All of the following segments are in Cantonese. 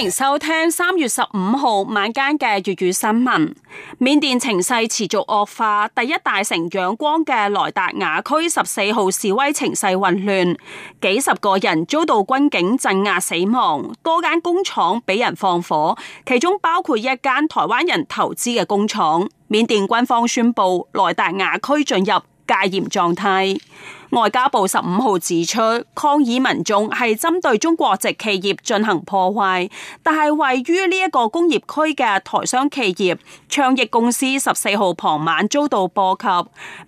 歡迎收聽三月十五號晚間嘅粵語新聞。緬甸情勢持續惡化，第一大城仰光嘅萊達雅區十四號示威情勢混亂，幾十個人遭到軍警鎮壓死亡，多間工廠俾人放火，其中包括一間台灣人投資嘅工廠。緬甸軍方宣布萊達雅區進入戒嚴狀態。外交部十五號指出，抗議民眾係針對中國籍企業進行破壞，但係位於呢一個工業區嘅台商企業暢億公司十四號傍晚遭到波及。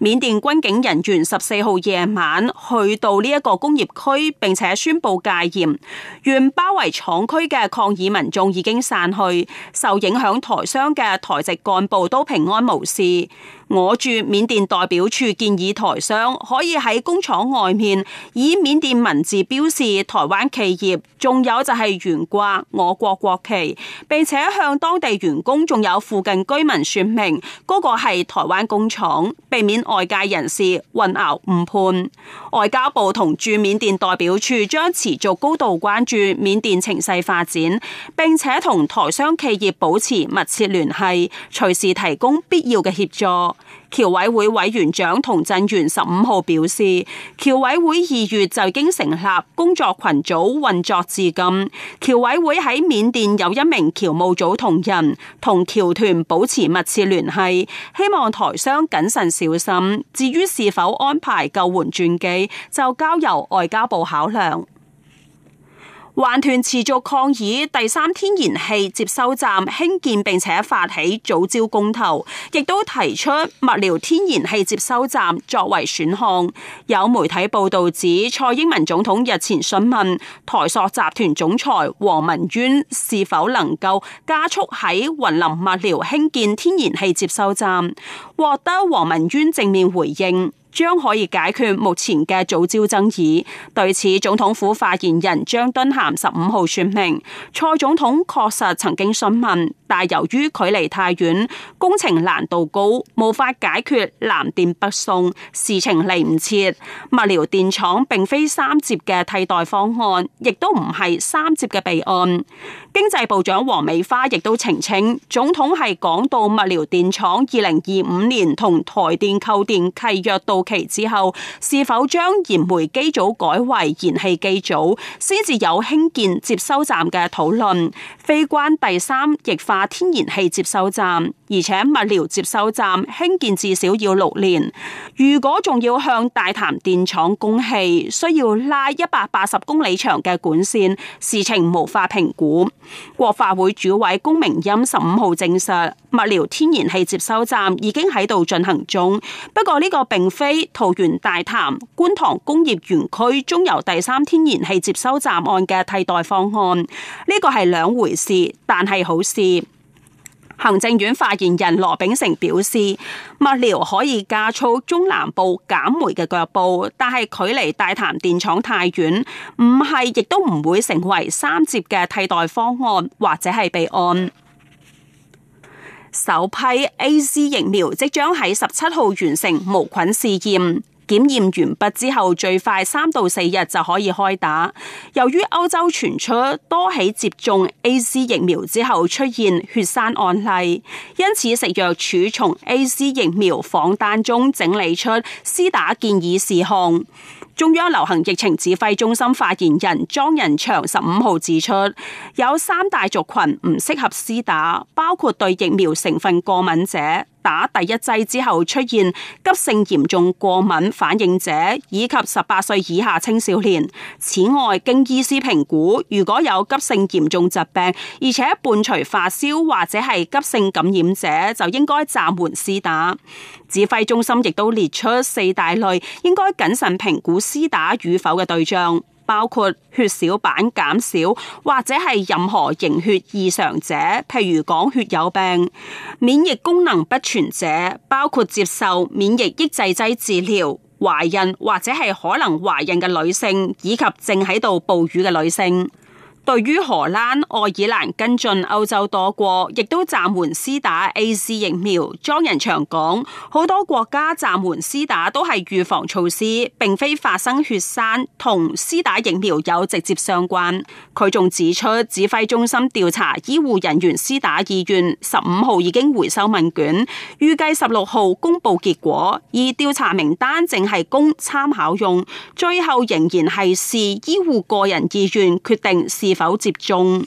緬甸軍警人員十四號夜晚去到呢一個工業區，並且宣布戒嚴。原包圍廠區嘅抗議民眾已經散去，受影響台商嘅台籍幹部都平安無事。我駐緬甸代表處建議台商可以喺工廠外面以緬甸文字標示台灣企業，仲有就係懸掛我國國旗，並且向當地員工仲有附近居民說明嗰個係台灣工廠，避免外界人士混淆誤判。外交部同駐緬甸代表處將持續高度關注緬甸情勢發展，並且同台商企業保持密切聯繫，隨時提供必要嘅協助。僑委會委員長童振源十五號表示，僑委會二月就已經成立工作群組運作至今。僑委會喺緬甸有一名僑務組同人，同僑團保持密切聯繫，希望台商謹慎小心。至於是否安排救援轉機，就交由外交部考量。環團持續抗議第三天然氣接收站興建，並且發起藻礁公投，亦都提出麥寮天然氣接收站作為選項。有媒體報道指蔡英文總統日前詢問台塑集團總裁王文淵是否能夠加速喺雲林麥寮興建天然氣接收站，獲得王文淵正面回應。將可以解決目前嘅早招爭議。對此，總統府發言人張敦涵十五號說明，蔡總統確實曾經詢問，但由於距離太遠，工程難度高，無法解決南電北送事情嚟唔切。麥寮電廠並非三接嘅替代方案，亦都唔係三接嘅備案。經濟部長黃美花亦都澄清，總統係講到麥寮電廠二零二五年同台電購電契約到期之後是否將燃煤機組改為燃氣機組，先至有興建接收站嘅討論。非關第三液化天然氣接收站，而且麥寮接收站興建至少要六年。如果仲要向大潭電廠供氣，需要拉一百八十公里長嘅管線，事情無法評估。國發會主委龔明鑫十五號證實，麥寮天然氣接收站已經喺度進行中，不過呢個並非，桃園大潭、觀塘工業園區、中油第三天然氣接收站案嘅替代方案，呢個係兩回事，但係好事。行政院發言人羅秉成表示，麥寮可以加速中南部減煤嘅腳步，但係距離大潭電廠太遠，唔係亦都唔會成為三接嘅替代方案或者係備案。首批 AZ 疫苗即將喺十七號完成無菌試驗，檢驗完畢之後，最快三到四日就可以開打。由於歐洲傳出多起接種 AZ 疫苗之後出現血栓案例，因此食藥署從 AZ 疫苗仿單中整理出施打建議事項。中央流行疫情指揮中心發言人莊人祥十五號指出，有三大族群唔適合施打，包括對疫苗成分過敏者。打第一劑之後出現急性嚴重過敏反應者，以及十八歲以下青少年。此外，經醫師評估，如果有急性嚴重疾病，而且伴隨發燒或者係急性感染者，就應該暫緩施打。指揮中心亦都列出四大類應該謹慎評估施打與否嘅對象。包括血小板減少或者係任何凝血異常者，譬如講血友病、免疫功能不全者，包括接受免疫抑制劑治療、懷孕或者係可能懷孕嘅女性，以及正喺度哺乳嘅女性。對於荷蘭、愛爾蘭跟進歐洲多國，亦都暫緩施打 AZ 疫苗。莊人祥講，好多國家暫緩施打都係預防措施，並非發生血栓同施打疫苗有直接相關。佢仲指出，指揮中心調查醫護人員施打意願，十五號已經回收問卷，預計十六號公布結果。而調查名單淨係供參考用，最後仍然係視醫護個人意願決定是。是否接種？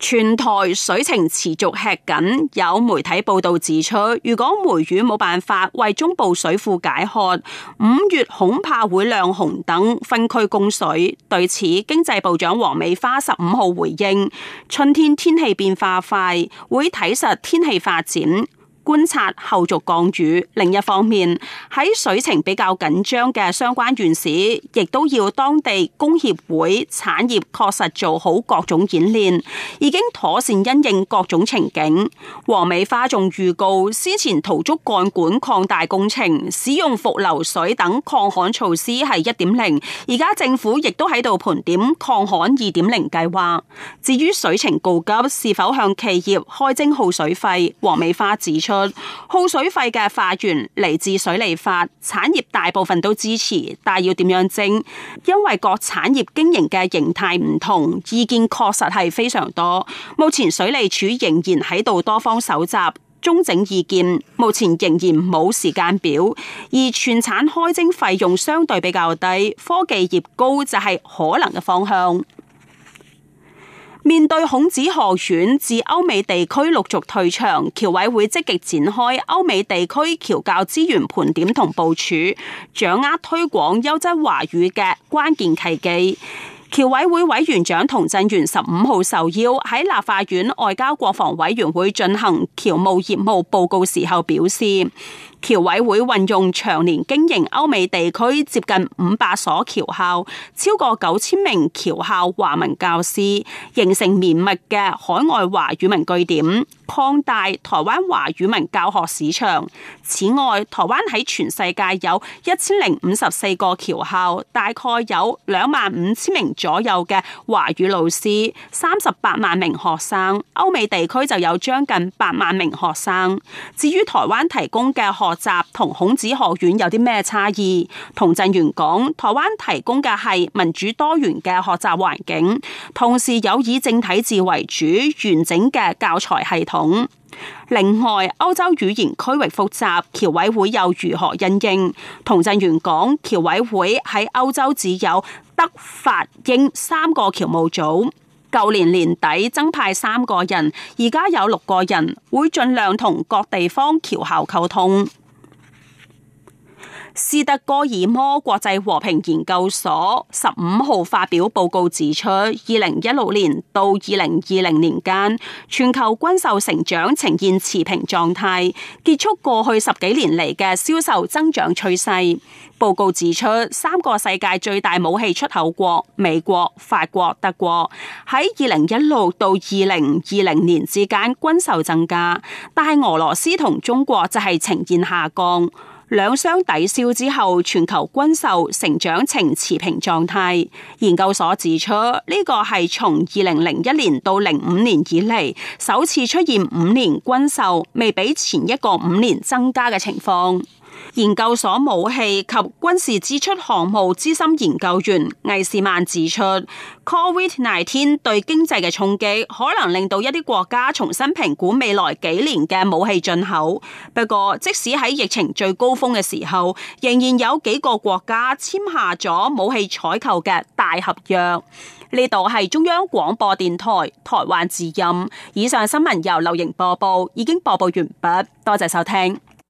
全台水情持續吃緊，有媒體報道指出，如果梅雨冇辦法為中部水庫解渴，五月恐怕會亮紅燈，分區供水。對此，經濟部長王美花十五號回應：春天天氣變化快，會睇實天氣發展。觀察後續降雨。另一方面，喺水情比較緊張嘅相關縣市，亦都要當地工協會產業確實做好各種演練，已經妥善因應各種情景。王美花仲預告，先前土築乾管擴大工程、使用伏流水等抗旱措施係一點零，而家政府亦都喺度盤點抗旱二點零計劃。至於水情告急是否向企業開徵耗水費，王美花指出，耗水費嘅來源嚟自水利法，產業大部分都支持，但要點樣徵？因為各產業經營嘅形態唔同，意見確實係非常多。目前水利署仍然喺度多方搜集、綜整意見，目前仍然冇時間表。而全產開徵費用相對比較低，科技業高就係可能嘅方向。面對孔子學院至歐美地區陸續退場，僑委會積極展開歐美地區僑教資源盤點同部署，掌握推廣優質華語嘅關鍵契機。僑委會委員長童振源十五號受邀喺立法院外交國防委員會進行僑務業務報告時候表示，僑委會運用長年經營歐美地區接近五百所僑校，超過九千名僑校華文教師，形成綿密嘅海外華語文據點，擴大台灣華語文教學市場。此外，台灣喺全世界有一千零五十四個僑校，大概有兩萬五千名左右嘅華語老師，三十八萬名學生。歐美地區就有將近八萬名學生。至於台灣提供嘅學學習同孔子學院有啲咩差異？同童振源講，台灣提供嘅係民主多元嘅學習環境，同時有以正體字為主完整嘅教材系統。另外，歐洲語言區域複雜，僑委會又如何因應？同童振源講，僑委會喺歐洲只有德、法、英三個僑務組。舊年年底增派三個人，而家有六個人，會盡量同各地方僑校溝通。斯德哥爾摩國際和平研究所十五號發表報告指出，二零一六年到二零二零年間，全球軍售成長呈現持平狀態，結束過去十幾年嚟嘅銷售增長趨勢。報告指出，三個世界最大武器出口國美國、法國、德國喺二零一六到二零二零年之間軍售增加，但係俄羅斯同中國就係呈現下降。兩相抵消之後，全球軍售成長呈持平狀態。研究所指出，呢、這個係從二零零一年到零五年以嚟，首次出現五年軍售未比前一個五年增加嘅情況。研究所武器及軍事支出項目資深研究員魏士曼指出，COVID-19 對經濟嘅衝擊可能令到一啲國家重新評估未來幾年嘅武器進口。不過，即使喺疫情最高峰嘅時候，仍然有幾個國家簽下咗武器採購嘅大合約。呢度係中央廣播電台台灣之音。以上新聞由流瑩播報，已經播報完畢。多謝收聽。